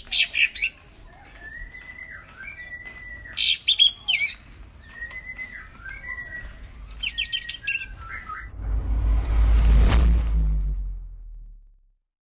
Спасибо.